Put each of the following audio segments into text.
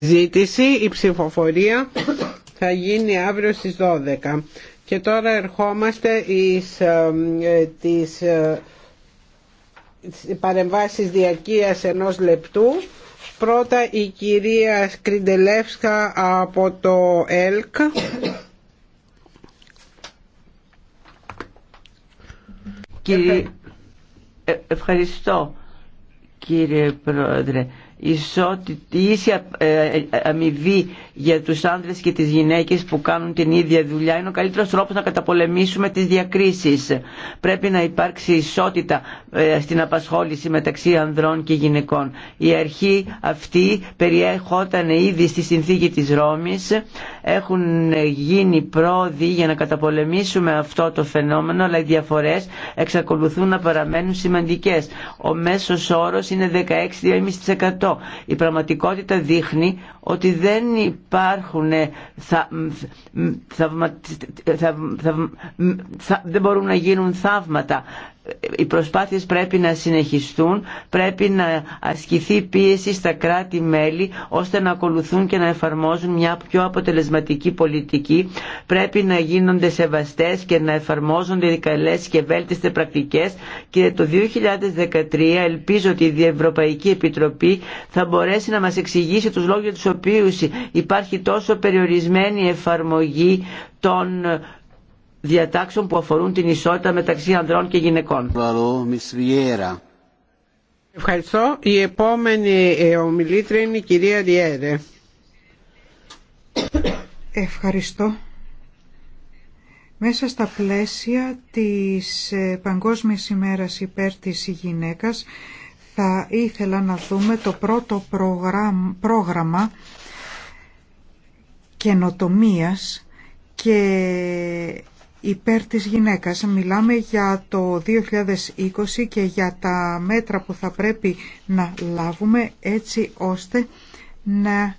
Ζήτηση, η ψηφοφορία θα γίνει αύριο στις 12. Και τώρα ερχόμαστε εις ε, τις ε, παρεμβάσεις διαρκείας ενός λεπτού. Πρώτα η κυρία Σκριντελεύσκα από το ΕΛΚ. Κύριε, ε, ευχαριστώ κύριε Πρόεδρε η ίσια ε, ε, αμοιβή για τους άνδρες και τις γυναίκες που κάνουν την ίδια δουλειά είναι ο καλύτερος τρόπος να καταπολεμήσουμε τις διακρίσεις. Πρέπει να υπάρξει ισότητα ε, στην απασχόληση μεταξύ ανδρών και γυναικών. Η αρχή αυτή περιέχονταν ήδη στη συνθήκη της Ρώμης. Έχουν γίνει πρόοδοι για να καταπολεμήσουμε αυτό το φαινόμενο, αλλά οι διαφορές εξακολουθούν να παραμένουν σημαντικές. Ο μέσος όρος είναι 16,5% η πραγματικότητα δείχνει ότι δεν υπάρχουν ε, θα, θα, δεν μπορούν να γίνουν θαύματα οι προσπάθειες πρέπει να συνεχιστούν, πρέπει να ασκηθεί πίεση στα κράτη-μέλη ώστε να ακολουθούν και να εφαρμόζουν μια πιο αποτελεσματική πολιτική. Πρέπει να γίνονται σεβαστές και να εφαρμόζονται καλές και βέλτιστες πρακτικές και το 2013 ελπίζω ότι η Ευρωπαϊκή Επιτροπή θα μπορέσει να μας εξηγήσει τους λόγους για τους οποίους υπάρχει τόσο περιορισμένη εφαρμογή των διατάξεων που αφορούν την ισότητα μεταξύ ανδρών και γυναικών. Ευχαριστώ. Η επόμενη ε, ομιλήτρια είναι η κυρία Διέρε. Ευχαριστώ. Μέσα στα πλαίσια της ε, Παγκόσμιας ημέρας υπέρ της γυναίκας θα ήθελα να δούμε το πρώτο πρόγραμμα καινοτομίας και υπέρ της γυναίκας. Μιλάμε για το 2020 και για τα μέτρα που θα πρέπει να λάβουμε έτσι ώστε να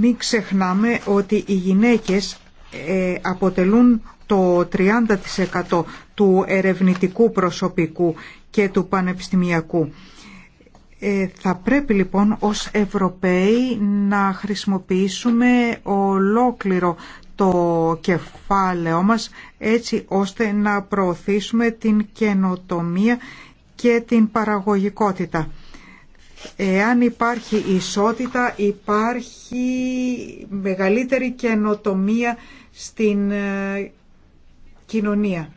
μην ξεχνάμε ότι οι γυναίκες ε, αποτελούν το 30% του ερευνητικού προσωπικού και του πανεπιστημιακού. Ε, θα πρέπει λοιπόν ως Ευρωπαίοι να χρησιμοποιήσουμε ολόκληρο το κεφάλαιό μας έτσι ώστε να προωθήσουμε την καινοτομία και την παραγωγικότητα. Εάν υπάρχει ισότητα υπάρχει μεγαλύτερη καινοτομία στην ε, κοινωνία.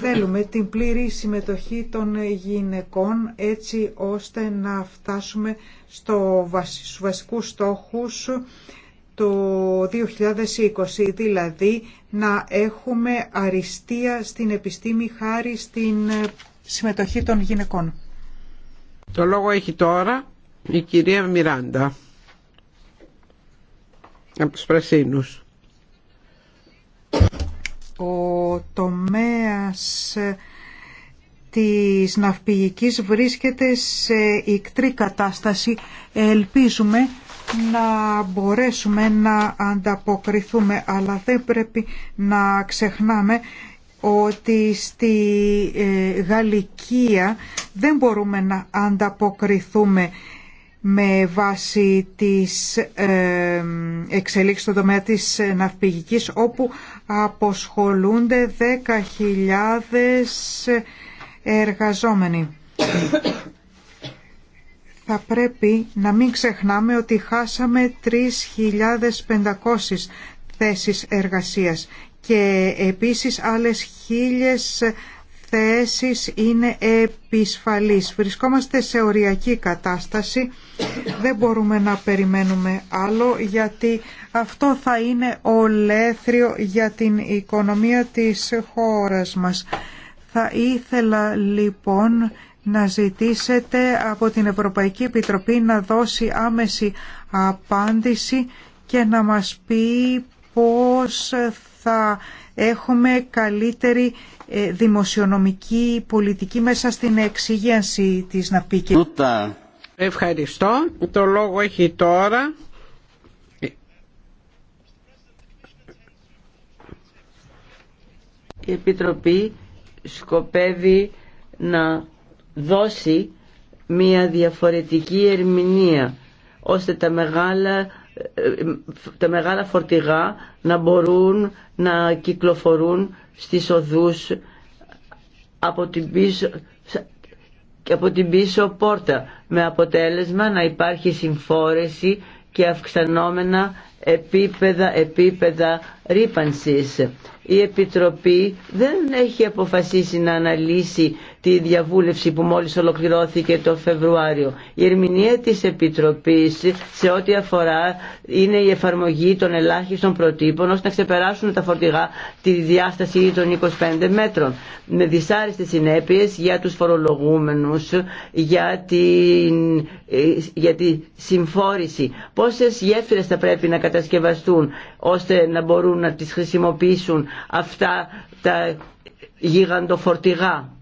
Θέλουμε την πλήρη συμμετοχή των γυναικών έτσι ώστε να φτάσουμε στο στους βασικούς στόχους το 2020, δηλαδή να έχουμε αριστεία στην επιστήμη χάρη στην ε, συμμετοχή των γυναικών. Το λόγο έχει τώρα η κυρία Μιράντα από τους Πρασίνους. Ο τομέας ε, της ναυπηγικής βρίσκεται σε ικτρή κατάσταση. Ελπίζουμε να μπορέσουμε να ανταποκριθούμε, αλλά δεν πρέπει να ξεχνάμε ότι στη ε, Γαλλικία δεν μπορούμε να ανταποκριθούμε με βάση τις ε, εξελίξεις στον τομέα της ναυπηγικής όπου αποσχολούνται 10.000 εργαζόμενοι. Θα πρέπει να μην ξεχνάμε ότι χάσαμε 3.500 θέσεις εργασίας και επίσης άλλες 1.000 θέσεις είναι επισφαλής. Βρισκόμαστε σε οριακή κατάσταση, δεν μπορούμε να περιμένουμε άλλο γιατί αυτό θα είναι ολέθριο για την οικονομία της χώρας μας. Θα ήθελα λοιπόν να ζητήσετε από την Ευρωπαϊκή Επιτροπή να δώσει άμεση απάντηση και να μας πει πώς θα έχουμε καλύτερη ε, δημοσιονομική πολιτική μέσα στην εξήγηση της ναπίκη. Ευχαριστώ. Το λόγο έχει τώρα η Επιτροπή σκοπεύει να δώσει μια διαφορετική ερμηνεία ώστε τα μεγάλα τα μεγάλα φορτηγά να μπορούν να κυκλοφορούν στις οδούς από την πίσω, από την πίσω πόρτα με αποτέλεσμα να υπάρχει συμφόρεση και αυξανόμενα επίπεδα, επίπεδα ρήπανσης. Η Επιτροπή δεν έχει αποφασίσει να αναλύσει τη διαβούλευση που μόλις ολοκληρώθηκε το Φεβρουάριο. Η ερμηνεία της Επιτροπής σε ό,τι αφορά είναι η εφαρμογή των ελάχιστων προτύπων ώστε να ξεπεράσουν τα φορτηγά τη διάσταση των 25 μέτρων με δυσάρεστες συνέπειες για τους φορολογούμενους, για, τη ε, για τη συμφόρηση. Πόσες γέφυρες θα πρέπει να κατασκευαστούν ώστε να μπορούν να τις χρησιμοποιήσουν αυτά τα γιγαντοφορτηγά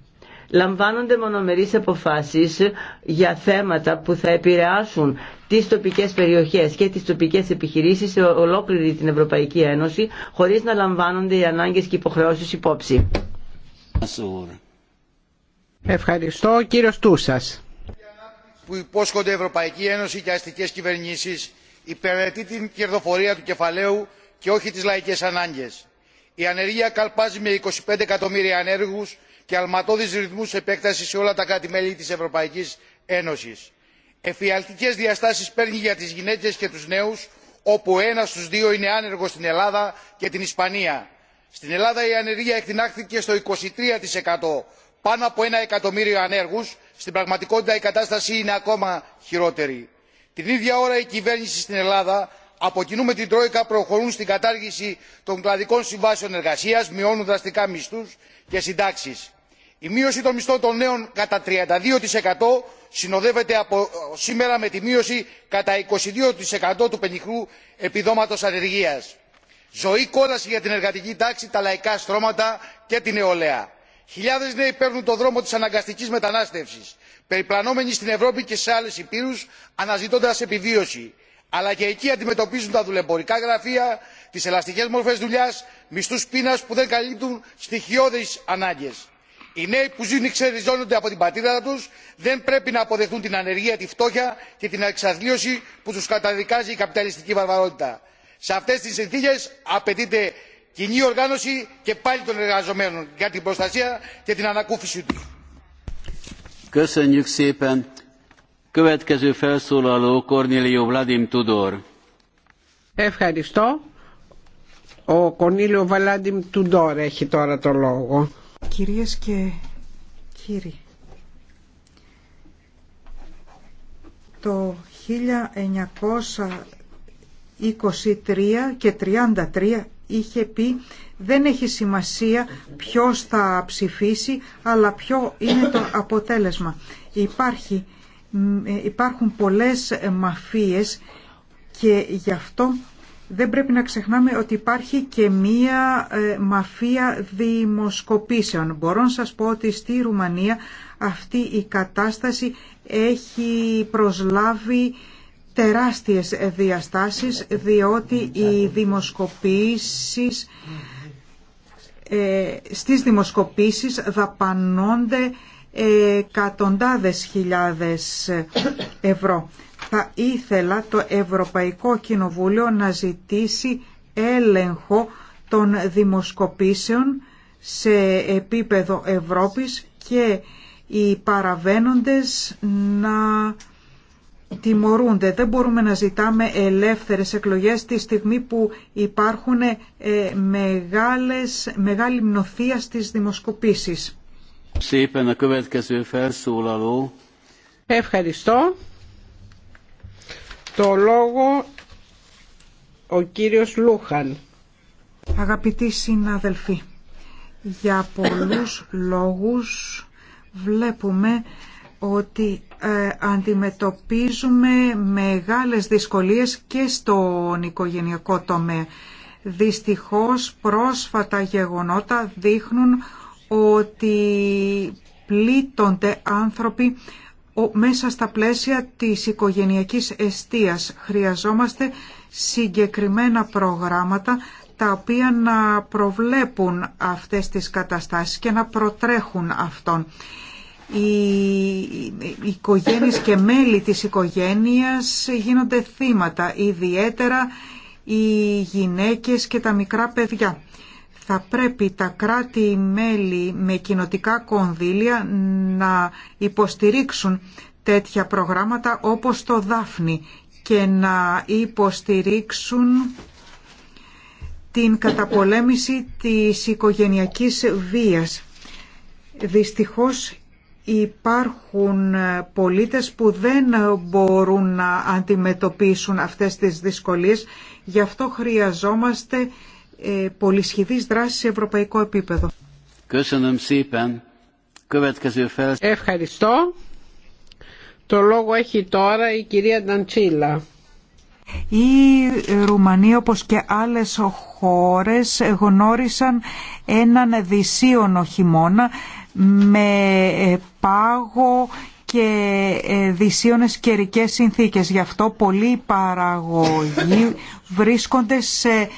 λαμβάνονται μονομερείς αποφάσεις για θέματα που θα επηρεάσουν τις τοπικές περιοχές και τις τοπικές επιχειρήσεις σε ολόκληρη την Ευρωπαϊκή Ένωση χωρίς να λαμβάνονται οι ανάγκες και οι υποχρεώσεις υπόψη. Ευχαριστώ κύριο Τούσας. Που υπόσχονται η Ευρωπαϊκή Ένωση και αστικές κυβερνήσεις υπηρετεί την κερδοφορία του κεφαλαίου και όχι τις λαϊκές ανάγκες. Η ανεργία καλπάζει με 25 εκατομμύρια ανέργους και αλματώδεις ρυθμούς επέκτασης σε όλα τα κράτη μέλη της ευρωπαϊκής ένωσης. εφιαλτικές διαστάσεις παίρνει για τις γυναίκες και τους νέους όπου ένα ένας στους δύο είναι άνεργος στην ελλάδα και την ισπανία. στην ελλάδα η ανεργία εκτινάχθηκε στο 23% πάνω από ένα εκατομμύριο ανέργους στην πραγματικότητα η κατάσταση είναι ακόμα χειρότερη. την ίδια ώρα η κυβέρνηση στην ελλάδα από κοινού με την τρόικα προχωρούν στην κατάργηση των κλαδικών συμβάσεων εργασίας μειώνουν δραστικά μισθούς και συντάξεις η μείωση των μισθών των νέων κατά 32% συνοδεύεται από ε, σήμερα με τη μείωση κατά 22% του πενιχρού επιδόματος ανεργίας. Ζωή κόλαση για την εργατική τάξη, τα λαϊκά στρώματα και την νεολαία. Χιλιάδες νέοι παίρνουν το δρόμο της αναγκαστικής μετανάστευσης, περιπλανόμενοι στην Ευρώπη και σε άλλες υπήρους, αναζητώντας επιβίωση. Αλλά και εκεί αντιμετωπίζουν τα δουλεμπορικά γραφεία, τις ελαστικές μορφές δουλειάς, μισθούς πείνας που δεν καλύπτουν στοιχειώδεις ανάγκες οι νέοι που ζουν ή ξεριζώνονται από την πατρίδα τους δεν πρέπει να αποδεχτούν την ανεργία τη φτώχεια και την εξαθλίωση που τους καταδικάζει η καπιταλιστική βαρβαρότητα. σε αυτές τις συνθήκες απαιτείται κοινή οργάνωση και πάλι των εργαζομένων για την προστασία και την ανακούφιση τους. Ευχαριστώ. Ο Κονίλιο Βαλάντιμ Τουντόρ έχει τώρα το λόγο. Κυρίες και κύριοι, το 1923 και 33 είχε πει δεν έχει σημασία ποιος θα ψηφίσει αλλά ποιο είναι το αποτέλεσμα. Υπάρχει, ε, υπάρχουν πολλές μαφίες και γι' αυτό δεν πρέπει να ξεχνάμε ότι υπάρχει και μία ε, μαφία δημοσκοπήσεων. Μπορώ να σας πω ότι στη Ρουμανία αυτή η κατάσταση έχει προσλάβει τεράστιες διαστάσεις διότι οι δημοσκοπήσεις ε, στις δημοσκοπήσεις δαπανώνται ε, εκατοντάδες χιλιάδες ευρώ θα ήθελα το Ευρωπαϊκό Κοινοβούλιο να ζητήσει έλεγχο των δημοσκοπήσεων σε επίπεδο Ευρώπης και οι παραβαίνοντες να τιμωρούνται. Δεν μπορούμε να ζητάμε ελεύθερες εκλογές τη στιγμή που υπάρχουν ε, μεγάλες, μεγάλη μνοθεία στις δημοσκοπήσεις. Ευχαριστώ το λόγο ο κύριος Λούχαν. Αγαπητοί συναδελφοί, για πολλούς λόγους βλέπουμε ότι ε, αντιμετωπίζουμε μεγάλες δυσκολίες και στον οικογενειακό τομέα. Δυστυχώς πρόσφατα γεγονότα δείχνουν ότι πλήττονται άνθρωποι μέσα στα πλαίσια της οικογενειακής εστίας. Χρειαζόμαστε συγκεκριμένα προγράμματα τα οποία να προβλέπουν αυτές τις καταστάσεις και να προτρέχουν αυτόν. Οι οικογένειες και μέλη της οικογένειας γίνονται θύματα, ιδιαίτερα οι γυναίκες και τα μικρά παιδιά θα πρέπει τα κράτη-μέλη με κοινοτικά κονδύλια να υποστηρίξουν τέτοια προγράμματα όπως το Δάφνη και να υποστηρίξουν την καταπολέμηση της οικογενειακής βίας. Δυστυχώς υπάρχουν πολίτες που δεν μπορούν να αντιμετωπίσουν αυτές τις δυσκολίες, γι' αυτό χρειαζόμαστε ε, πολυσχηδής δράσης σε ευρωπαϊκό επίπεδο. Ευχαριστώ. Το λόγο έχει τώρα η κυρία Νταντσίλα. Η Ρουμανία όπως και άλλες χώρες γνώρισαν έναν δυσίωνο χειμώνα με ε, πάγο και ε, δυσίωνες καιρικέ συνθήκες. Γι' αυτό πολλοί παραγωγοί βρίσκονται σε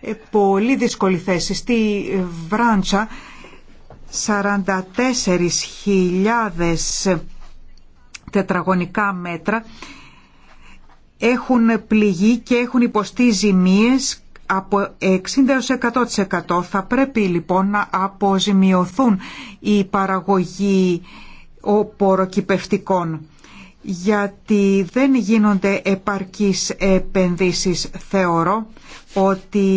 ε, πολύ δύσκολη θέση. Στη Βράντσα 44.000 τετραγωνικά μέτρα έχουν πληγεί και έχουν υποστεί ζημίες από 60-100%. Θα πρέπει λοιπόν να αποζημιωθούν οι παραγωγοί οποροκυπευτικών γιατί δεν γίνονται επαρκείς επενδύσεις θεωρώ ότι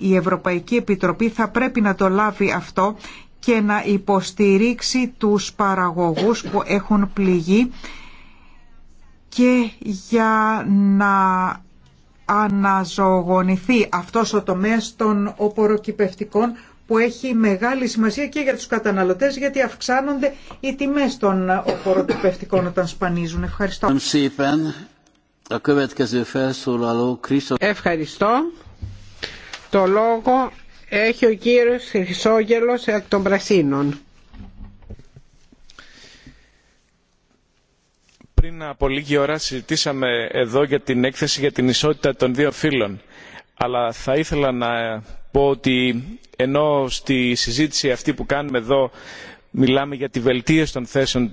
η Ευρωπαϊκή Επιτροπή θα πρέπει να το λάβει αυτό και να υποστηρίξει τους παραγωγούς που έχουν πληγεί και για να αναζωογονηθεί αυτός ο τομέας των οποροκυπευτικών που έχει μεγάλη σημασία και για τους καταναλωτές γιατί αυξάνονται οι τιμές των οποροκυπευτικών όταν σπανίζουν. Ευχαριστώ. Ευχαριστώ. Το λόγο έχει ο κύριος Χρυσόγελος εκ των Πρασίνων. Πριν από λίγη ώρα συζητήσαμε εδώ για την έκθεση για την ισότητα των δύο φύλων. Αλλά θα ήθελα να πω ότι ενώ στη συζήτηση αυτή που κάνουμε εδώ μιλάμε για τη βελτίωση των θέσεων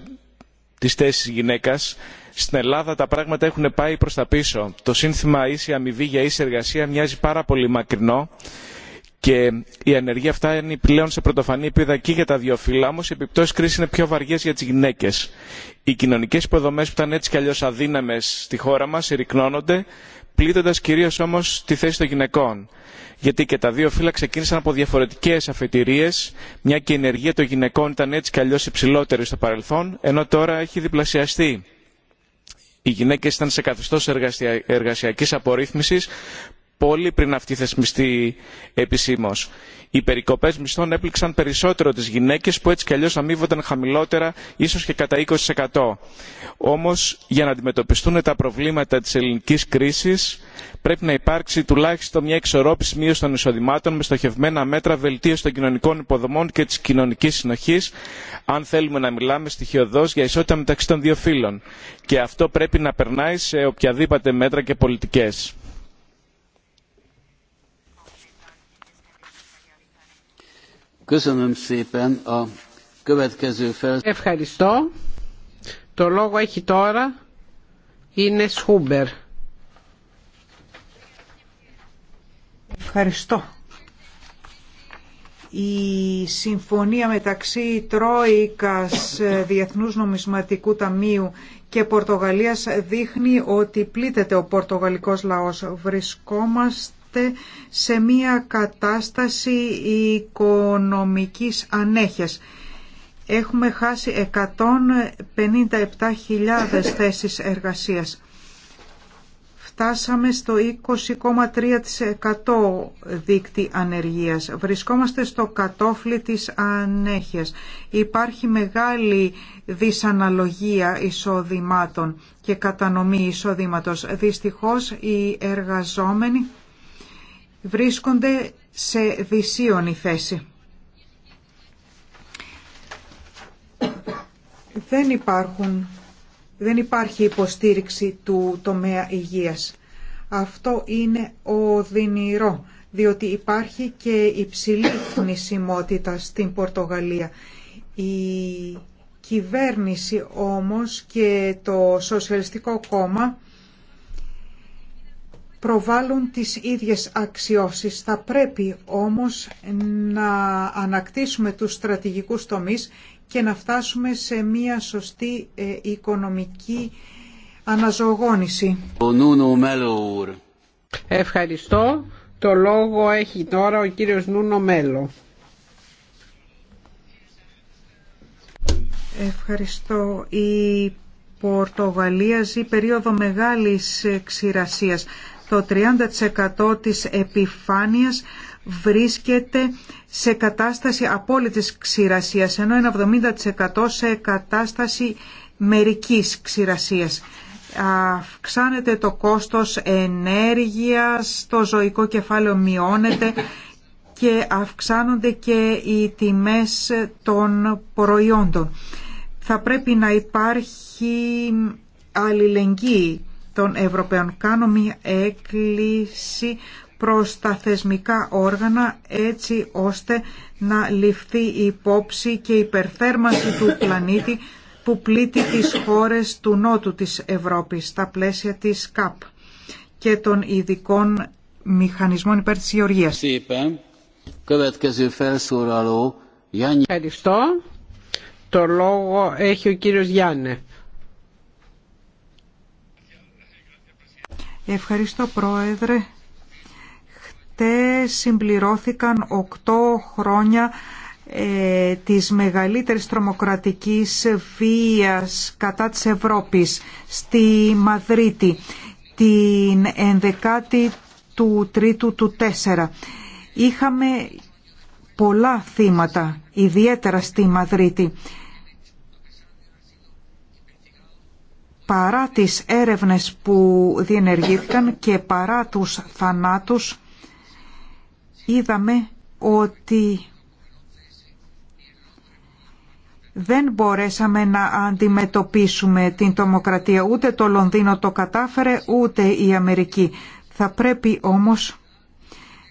της θέσης γυναίκας στην ελλάδα τα πράγματα έχουν πάει προς τα πίσω. το σύνθημα ίση αμοιβή για ίση εργασία μοιάζει πάρα πολύ μακρινό και η ανεργία αυτά είναι πλέον σε πρωτοφανή επίδα και για τα δύο φύλλα, όμω οι επιπτώσει κρίση είναι πιο βαριέ για τι γυναίκε. Οι κοινωνικέ υποδομέ που ήταν έτσι κι αλλιώ αδύναμε στη χώρα μα ερικνώνονται, πλήττοντα κυρίω όμω τη θέση των γυναικών. Γιατί και τα δύο φύλλα ξεκίνησαν από διαφορετικέ αφετηρίε, μια και η ενεργεία των γυναικών ήταν έτσι κι αλλιώ υψηλότερη στο παρελθόν, ενώ τώρα έχει διπλασιαστεί οι γυναίκε ήταν σε καθεστώ εργασιακή απορρίθμιση πολύ πριν αυτή θεσμιστεί επισήμω. οι περικοπέ μισθών έπληξαν περισσότερο τι γυναίκε που έτσι κι αλλιώ αμείβονταν χαμηλότερα ίσω και κατά. 20%. όμω για να αντιμετωπιστούν τα προβλήματα τη ελληνική κρίση πρέπει να υπάρξει τουλάχιστον μια εξορρόπηση μείωση των εισοδημάτων με στοχευμένα μέτρα βελτίωση των κοινωνικών υποδομών και τη κοινωνική συνοχή αν θέλουμε να μιλάμε στοιχειοδό για ισότητα μεταξύ των δύο φύλων. και αυτό πρέπει να περνάει σε οποιαδήποτε μέτρα και πολιτικές Ευχαριστώ. Το λόγο έχει τώρα είναι Σχούμπερ. Ευχαριστώ. Η συμφωνία μεταξύ Τρόικας Διεθνούς Νομισματικού Ταμείου και Πορτογαλίας δείχνει ότι πλήττεται ο πορτογαλικός λαός. Βρισκόμαστε σε μια κατάσταση οικονομικής ανέχειας. Έχουμε χάσει 157.000 θέσεις εργασίας. Φτάσαμε στο 20,3% δίκτυ ανεργίας. Βρισκόμαστε στο κατόφλι της ανέχειας. Υπάρχει μεγάλη δυσαναλογία εισοδημάτων και κατανομή εισοδήματος. Δυστυχώς οι εργαζόμενοι βρίσκονται σε δυσίωνη θέση. Δεν, υπάρχουν, δεν υπάρχει υποστήριξη του τομέα υγείας. Αυτό είναι οδυνηρό, διότι υπάρχει και υψηλή θνησιμότητα στην Πορτογαλία. Η κυβέρνηση όμως και το Σοσιαλιστικό Κόμμα προβάλλουν τις ίδιες αξιώσεις. Θα πρέπει όμως να ανακτήσουμε τους στρατηγικούς τομείς και να φτάσουμε σε μία σωστή ε, οικονομική αναζωογόνηση. Ευχαριστώ. Το λόγο έχει τώρα ο κύριος Νούνο Μέλο. Ευχαριστώ. Η Πορτογαλία ζει περίοδο μεγάλης ε, ξηρασίας το 30% της επιφάνειας βρίσκεται σε κατάσταση απόλυτης ξηρασίας, ενώ ένα 70% σε κατάσταση μερικής ξηρασίας. Αυξάνεται το κόστος ενέργειας, το ζωικό κεφάλαιο μειώνεται και αυξάνονται και οι τιμές των προϊόντων. Θα πρέπει να υπάρχει αλληλεγγύη των Ευρωπαίων. Κάνω μια έκκληση προς τα θεσμικά όργανα έτσι ώστε να ληφθεί υπόψη και η υπερθέρμανση του πλανήτη που πλήττει τις χώρες του νότου της Ευρώπης τα πλαίσια της ΚΑΠ και των ειδικών μηχανισμών υπέρ της γεωργίας. Ευχαριστώ. Το λόγο έχει ο κύριος Γιάννε. Ευχαριστώ Πρόεδρε. Χτες συμπληρώθηκαν 8 χρόνια ε, της μεγαλύτερης τρομοκρατικής βίας κατά της Ευρώπης στη Μαδρίτη την 11η του Τρίτου του 4. Είχαμε πολλά θύματα, ιδιαίτερα στη Μαδρίτη. παρά τις έρευνες που διενεργήθηκαν και παρά τους θανάτους είδαμε ότι δεν μπορέσαμε να αντιμετωπίσουμε την τομοκρατία. Ούτε το Λονδίνο το κατάφερε, ούτε η Αμερική. Θα πρέπει όμως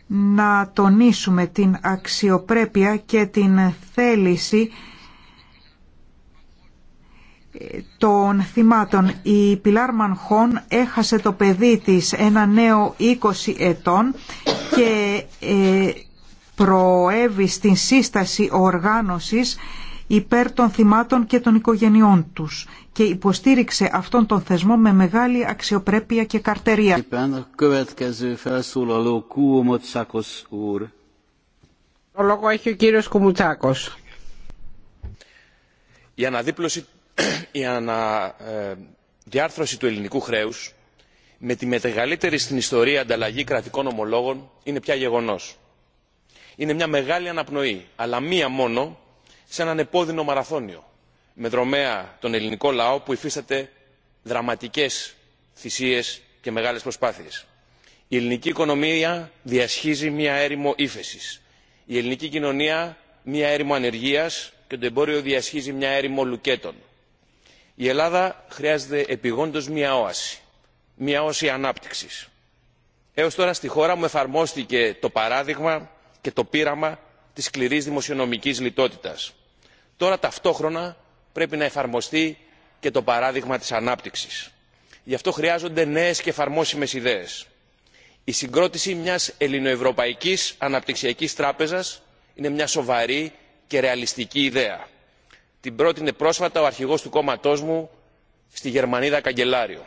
να τονίσουμε την αξιοπρέπεια και την θέληση των θυμάτων. Η Πιλάρ Μανχών έχασε το παιδί της ένα νέο 20 ετών και ε, προέβη στην σύσταση οργάνωσης υπέρ των θυμάτων και των οικογενειών τους και υποστήριξε αυτόν τον θεσμό με μεγάλη αξιοπρέπεια και καρτερία. Το λόγο έχει ο κύριος Κουμουτσάκος. Η αναδίπλωση η αναδιάρθρωση ε, του ελληνικού χρέους με τη μεγαλύτερη στην ιστορία ανταλλαγή κρατικών ομολόγων είναι πια γεγονό. είναι μια μεγάλη αναπνοή αλλά μία μόνο σε έναν επώδυνο μαραθώνιο με δρομέα τον ελληνικό λαό που υφίσταται δραματικές θυσίες και μεγάλες προσπάθειες. η ελληνική οικονομία διασχίζει μια έρημο λαο που υφισταται δραματικες θυσιες και μεγαλες προσπαθειε η ελληνική κοινωνία μια ερημο υφεση η ελληνικη κοινωνια μια ερημο ανεργια και το εμπόριο διασχίζει μια έρημο λουκέτων η ελλάδα χρειάζεται επιγόντως μια όαση μια όαση ανάπτυξης. έως τώρα στη χώρα μου εφαρμόστηκε το παράδειγμα και το πείραμα της σκληρής δημοσιονομικής λιτότητας. τώρα ταυτόχρονα πρέπει να εφαρμοστεί και το παράδειγμα της ανάπτυξης. γι' αυτό χρειάζονται νέες και εφαρμόσιμες ιδέες. η συγκρότηση μιας ελληνοευρωπαϊκής αναπτυξιακής τράπεζας είναι μια σοβαρή και ρεαλιστική ιδέα την πρότεινε πρόσφατα ο αρχηγός του κόμματός μου στη γερμανίδα καγκελάριο.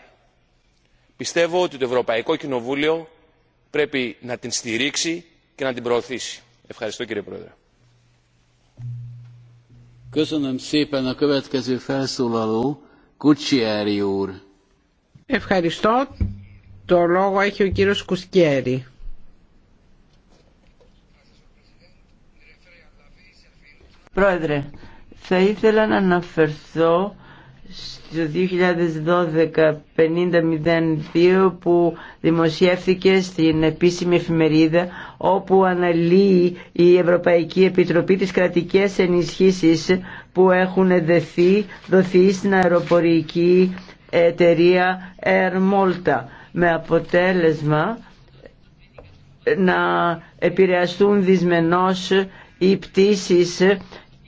πιστεύω ότι το ευρωπαϊκό κοινοβούλιο πρέπει να την στηρίξει και να την προωθήσει. ευχαριστώ κύριε πρόεδρε. Ευχαριστώ. Το λόγο έχει ο κύριος Κουσκέρη. Πρόεδρε, θα ήθελα να αναφερθώ στο 2012-5002 που δημοσιεύθηκε στην επίσημη εφημερίδα όπου αναλύει η Ευρωπαϊκή Επιτροπή τις κρατικές ενισχύσεις που έχουν δεθεί, δοθεί στην αεροπορική εταιρεία Air Malta με αποτέλεσμα να επηρεαστούν δυσμενώς οι πτήσεις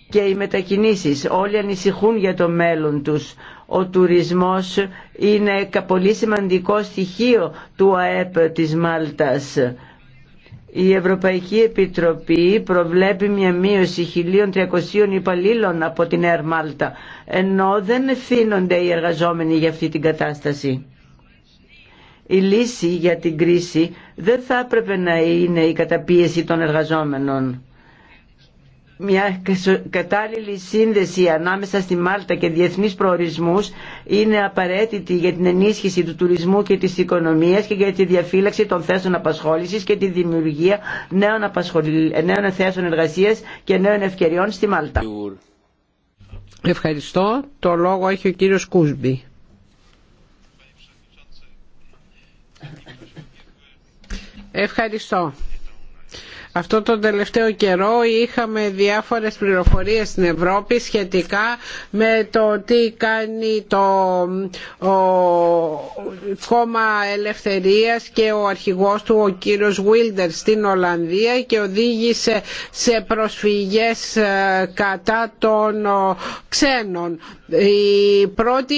και οι μετακινήσεις. Όλοι ανησυχούν για το μέλλον τους. Ο τουρισμός είναι πολύ σημαντικό στοιχείο του ΑΕΠ της Μάλτας. Η Ευρωπαϊκή Επιτροπή προβλέπει μια μείωση 1.300 υπαλλήλων από την ΕΡ Μάλτα, ενώ δεν ευθύνονται οι εργαζόμενοι για αυτή την κατάσταση. Η λύση για την κρίση δεν θα έπρεπε να είναι η καταπίεση των εργαζόμενων μια κατάλληλη σύνδεση ανάμεσα στη Μάλτα και διεθνείς προορισμούς είναι απαραίτητη για την ενίσχυση του τουρισμού και της οικονομίας και για τη διαφύλαξη των θέσεων απασχόλησης και τη δημιουργία νέων, νέων θέσεων εργασίας και νέων ευκαιριών στη Μάλτα. Ευχαριστώ. Το λόγο έχει ο κύριος Κούσμπη. Ευχαριστώ. Αυτό τον τελευταίο καιρό είχαμε διάφορες πληροφορίες στην Ευρώπη σχετικά με το τι κάνει το κόμμα ελευθερίας και ο αρχηγός του ο κύριος Βίλντερ στην Ολλανδία και οδήγησε σε προσφυγές ε, κατά των ξένων οι πρώτοι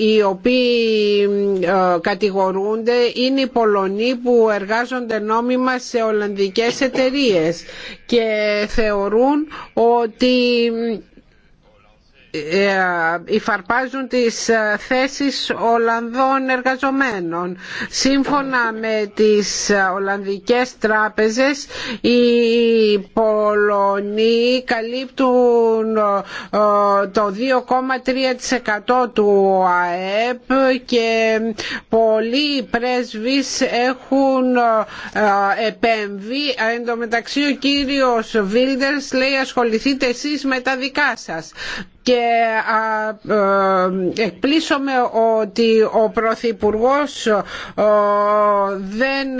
οι οποίοι ε, κατηγορούνται είναι οι Πολωνοί που εργάζονται νόμιμα σε Ολλανδικές εταιρείες και θεωρούν ότι ε, ε, υφαρπάζουν τις ε, θέσεις Ολλανδών εργαζομένων. Σύμφωνα με τις Ολλανδικές τράπεζες οι Πολωνοί καλύπτουν το 2,3% του ΑΕΠ και πολλοί πρέσβεις έχουν επέμβει. Εν τω μεταξύ ο κύριος Βίλντερς λέει ασχοληθείτε εσείς με τα δικά σας και ε, εκπλήσωμε ότι ο Πρωθυπουργό δεν,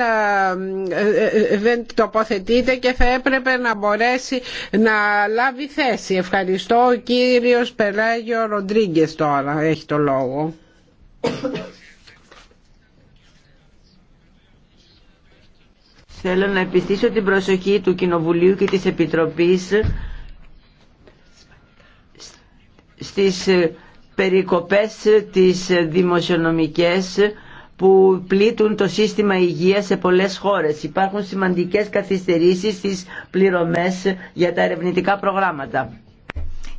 ε, ε, δεν τοποθετείται και θα έπρεπε να μπορέσει να λάβει θέση. Ευχαριστώ. Ο κύριος Πελάγιο Ροντρίγκε τώρα έχει το λόγο. Θέλω να επιστήσω την προσοχή του Κοινοβουλίου και της Επιτροπής στις ε, περικοπές ε, τις ε, δημοσιονομικές που πλήττουν το σύστημα υγείας σε πολλές χώρες. Υπάρχουν σημαντικές καθυστερήσεις στις πληρωμές για τα ερευνητικά προγράμματα.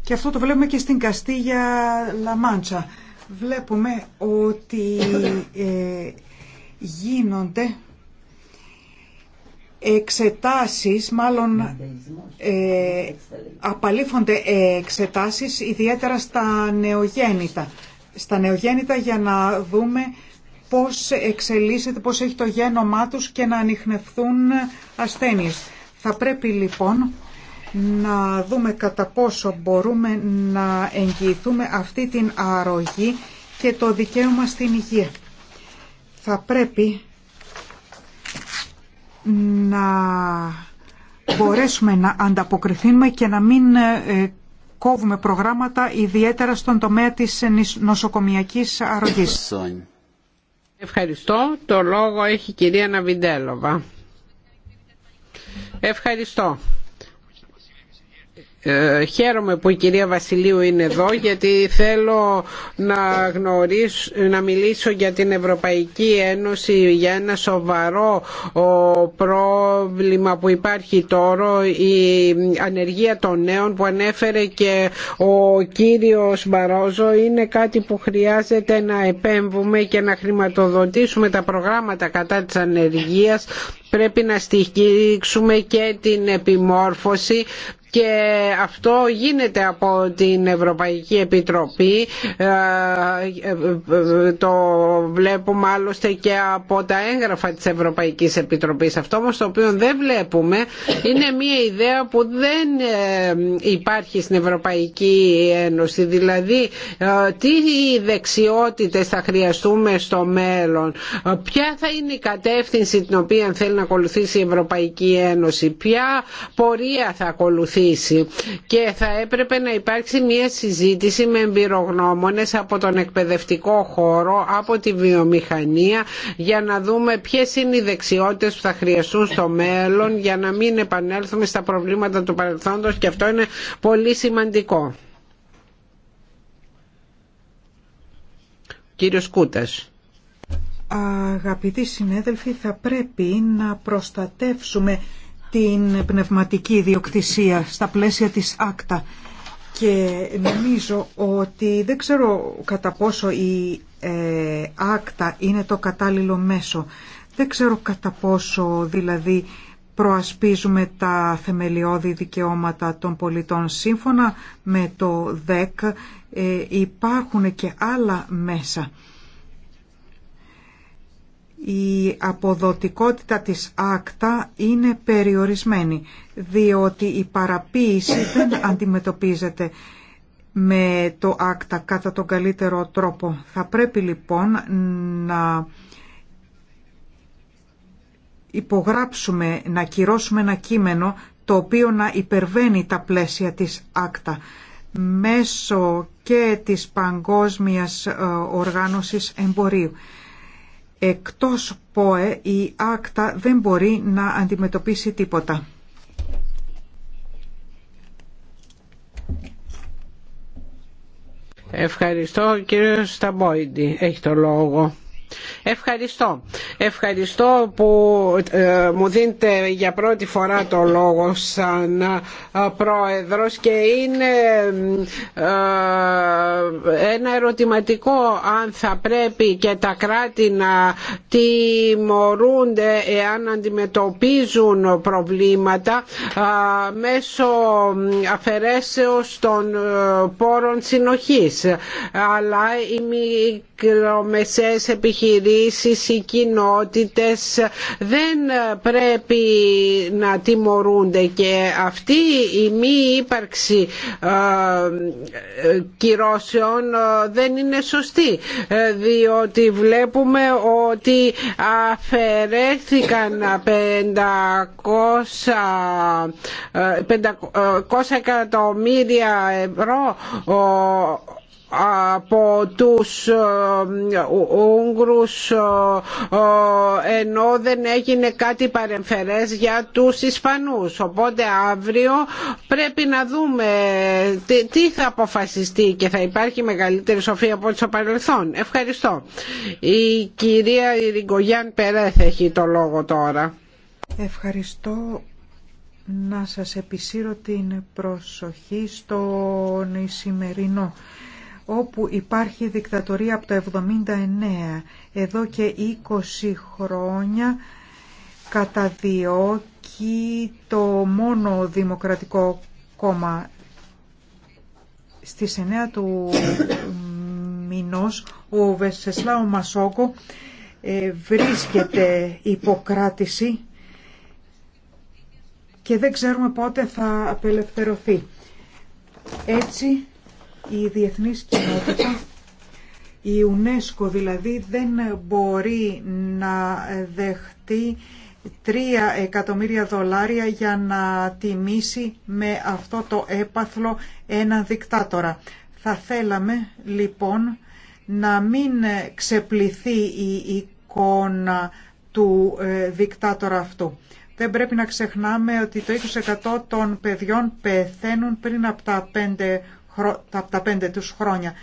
Και αυτό το βλέπουμε και στην Καστίγια Λαμάντσα. Βλέπουμε ότι γίνονται εξετάσεις, μάλλον ε, απαλήφονται εξετάσεις ιδιαίτερα στα νεογέννητα. Στα νεογέννητα για να δούμε πώς εξελίσσεται, πώς έχει το γένομά τους και να ανοιχνευθούν ασθένειες. Θα πρέπει λοιπόν να δούμε κατά πόσο μπορούμε να εγγυηθούμε αυτή την αρρωγή και το δικαίωμα στην υγεία. Θα πρέπει να μπορέσουμε να ανταποκριθούμε και να μην ε, κόβουμε προγράμματα ιδιαίτερα στον τομέα της νοσοκομιακής αρρωγής. Ευχαριστώ. Το λόγο έχει η κυρία Ναβιντέλοβα. Ευχαριστώ. Ε, χαίρομαι που η κυρία Βασιλείου είναι εδώ γιατί θέλω να, γνωρίσω, να μιλήσω για την Ευρωπαϊκή Ένωση για ένα σοβαρό πρόβλημα που υπάρχει τώρα η ανεργία των νέων που ανέφερε και ο κύριος Μπαρόζο είναι κάτι που χρειάζεται να επέμβουμε και να χρηματοδοτήσουμε τα προγράμματα κατά της ανεργίας πρέπει να στηρίξουμε και την επιμόρφωση και αυτό γίνεται από την Ευρωπαϊκή Επιτροπή ε, ε, το βλέπουμε άλλωστε και από τα έγγραφα της Ευρωπαϊκής Επιτροπής αυτό όμως το οποίο δεν βλέπουμε είναι μια ιδέα που δεν ε, υπάρχει στην Ευρωπαϊκή Ένωση δηλαδή τι δεξιότητες θα χρειαστούμε στο μέλλον ποια θα είναι η κατεύθυνση την οποία θέλει να ακολουθήσει η Ευρωπαϊκή Ένωση ποια πορεία θα ακολουθήσει και θα έπρεπε να υπάρξει μια συζήτηση με εμπειρογνώμονες από τον εκπαιδευτικό χώρο, από τη βιομηχανία για να δούμε ποιες είναι οι δεξιότητες που θα χρειαστούν στο μέλλον για να μην επανέλθουμε στα προβλήματα του παρελθόντος και αυτό είναι πολύ σημαντικό. Κύριος Κούτας. Αγαπητοί συνέδελφοι, θα πρέπει να προστατεύσουμε την πνευματική διοκτησία στα πλαίσια της ΑΚΤΑ και νομίζω ότι δεν ξέρω κατά πόσο η ε, άκτα είναι το κατάλληλο μέσο. Δεν ξέρω κατά πόσο δηλαδή προασπίζουμε τα θεμελιώδη δικαιώματα των πολιτών. Σύμφωνα με το ΔΕΚ ε, υπάρχουν και άλλα μέσα η αποδοτικότητα της άκτα είναι περιορισμένη, διότι η παραποίηση δεν αντιμετωπίζεται με το άκτα κατά τον καλύτερο τρόπο. Θα πρέπει λοιπόν να υπογράψουμε, να κυρώσουμε ένα κείμενο το οποίο να υπερβαίνει τα πλαίσια της άκτα μέσω και της Παγκόσμιας ε, Οργάνωσης Εμπορίου εκτός ΠΟΕ η άκτα δεν μπορεί να αντιμετωπίσει τίποτα. Ευχαριστώ Κύριε Σταμπόιντι. Έχει το λόγο. Ευχαριστώ. Ευχαριστώ που ε, μου δίνετε για πρώτη φορά το λόγο σαν ε, πρόεδρος και είναι ε, ένα ερωτηματικό αν θα πρέπει και τα κράτη να τιμωρούνται εάν αντιμετωπίζουν προβλήματα μέσω αφαιρέσεως των πόρων συνοχής. Αλλά οι μικρομεσαίες επιχειρήσεις επιχειρήσεις, οι κοινότητες δεν πρέπει να τιμωρούνται και αυτή η μη ύπαρξη ε, κυρώσεων ε, δεν είναι σωστή ε, διότι βλέπουμε ότι αφαιρέθηκαν 500, 500 εκατομμύρια ευρώ από τους ε, Ούγγρους ε, ε, ενώ δεν έγινε κάτι παρεμφερές για τους Ισπανούς οπότε αύριο πρέπει να δούμε τι θα αποφασιστεί και θα υπάρχει μεγαλύτερη σοφία από ό,τι παρελθόν Ευχαριστώ Η κυρία Ιρυγκογιάν Περέθ έχει το λόγο τώρα Ευχαριστώ να σας επισύρω την προσοχή στον Σημερινό όπου υπάρχει δικτατορία από το 79 εδώ και 20 χρόνια καταδιώκει το μόνο δημοκρατικό κόμμα στη 9 του μηνός ο Βεσεσλάου Μασόκο ε, βρίσκεται υποκράτηση και δεν ξέρουμε πότε θα απελευθερωθεί. Έτσι η διεθνής κοινότητα, η UNESCO δηλαδή, δεν μπορεί να δεχτεί 3 εκατομμύρια δολάρια για να τιμήσει με αυτό το έπαθλο ένα δικτάτορα. Θα θέλαμε λοιπόν να μην ξεπληθεί η εικόνα του ε, δικτάτορα αυτού. Δεν πρέπει να ξεχνάμε ότι το 20% των παιδιών πεθαίνουν πριν από τα 5 τα πέντε τους χρόνια.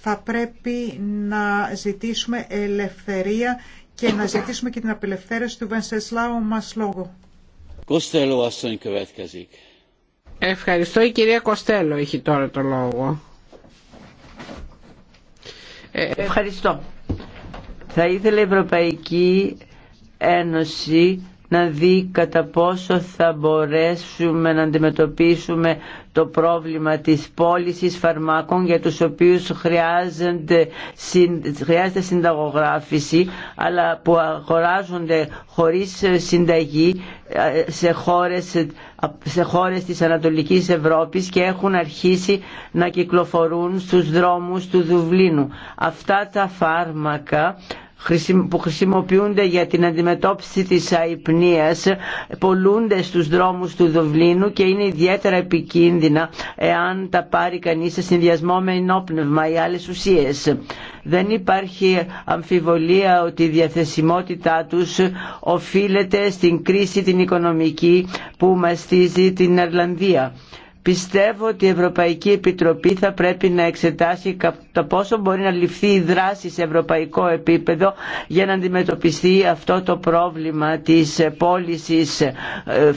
Θα πρέπει να ζητήσουμε ελευθερία και να ζητήσουμε και την απελευθέρωση του Βενσεσλάου λόγω. Ευχαριστώ. Η κυρία Κοστέλο έχει τώρα το λόγο. Ε, ε, Ευχαριστώ. Θα ήθελε η Ευρωπαϊκή Ένωση να δει κατά πόσο θα μπορέσουμε να αντιμετωπίσουμε το πρόβλημα της πώληση φαρμάκων για τους οποίους χρειάζεται, χρειάζεται συνταγογράφηση αλλά που αγοράζονται χωρίς συνταγή ε, σε χώρες, σε χώρες της Ανατολικής Ευρώπης και έχουν αρχίσει να κυκλοφορούν στους δρόμους του Δουβλίνου. Αυτά τα φάρμακα που χρησιμοποιούνται για την αντιμετώπιση της αϊπνίας πολλούνται στους δρόμους του Δουβλίνου και είναι ιδιαίτερα επικίνδυνα εάν τα πάρει κανείς σε συνδυασμό με ενόπνευμα ή άλλες ουσίες. Δεν υπάρχει αμφιβολία ότι η διαθεσιμότητά τους οφείλεται στην κρίση την οικονομική που μαστίζει την Ιρλανδία. Πιστεύω ότι η Ευρωπαϊκή Επιτροπή θα πρέπει να εξετάσει το πόσο μπορεί να ληφθεί η δράση σε ευρωπαϊκό επίπεδο για να αντιμετωπιστεί αυτό το πρόβλημα της πώληση ε,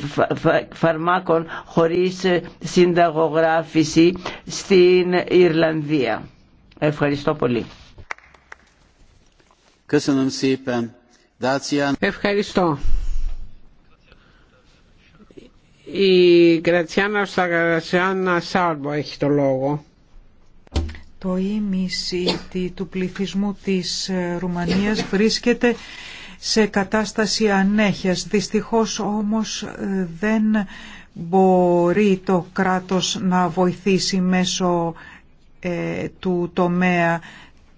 φαρμάκων χωρίς ε, συνταγογράφηση στην Ιρλανδία. Ευχαριστώ πολύ. Ευχαριστώ. Η Σάρμπο έχει το λόγο. Το ίμιση του πληθυσμού της ε, Ρουμανίας βρίσκεται σε κατάσταση ανέχειας. Δυστυχώς όμως ε, δεν μπορεί το κράτος να βοηθήσει μέσω ε, του τομέα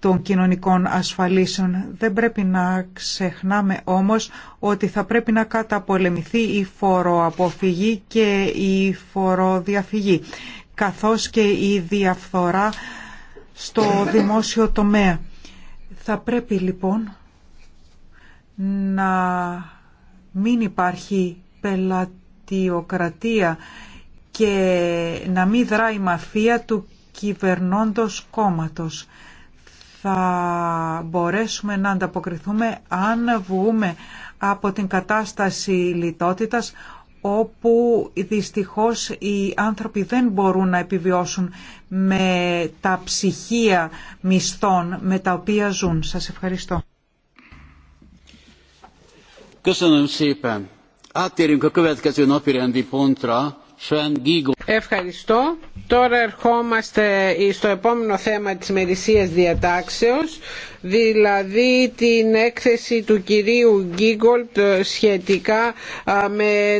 των κοινωνικών ασφαλίσεων. Δεν πρέπει να ξεχνάμε όμως ότι θα πρέπει να καταπολεμηθεί η φοροαποφυγή και η φοροδιαφυγή, καθώς και η διαφθορά στο δημόσιο τομέα. Θα πρέπει λοιπόν να μην υπάρχει πελατιοκρατία και να μην δράει η μαφία του κυβερνώντος κόμματος θα μπορέσουμε να ανταποκριθούμε αν βγούμε από την κατάσταση λιτότητας όπου δυστυχώς οι άνθρωποι δεν μπορούν να επιβιώσουν με τα ψυχία μισθών με τα οποία ζουν. Σας ευχαριστώ. Köszönöm szépen. Áttérünk Ευχαριστώ. Τώρα ερχόμαστε στο επόμενο θέμα της μερισίας διατάξεως, δηλαδή την έκθεση του κυρίου Γκίγκολτ σχετικά με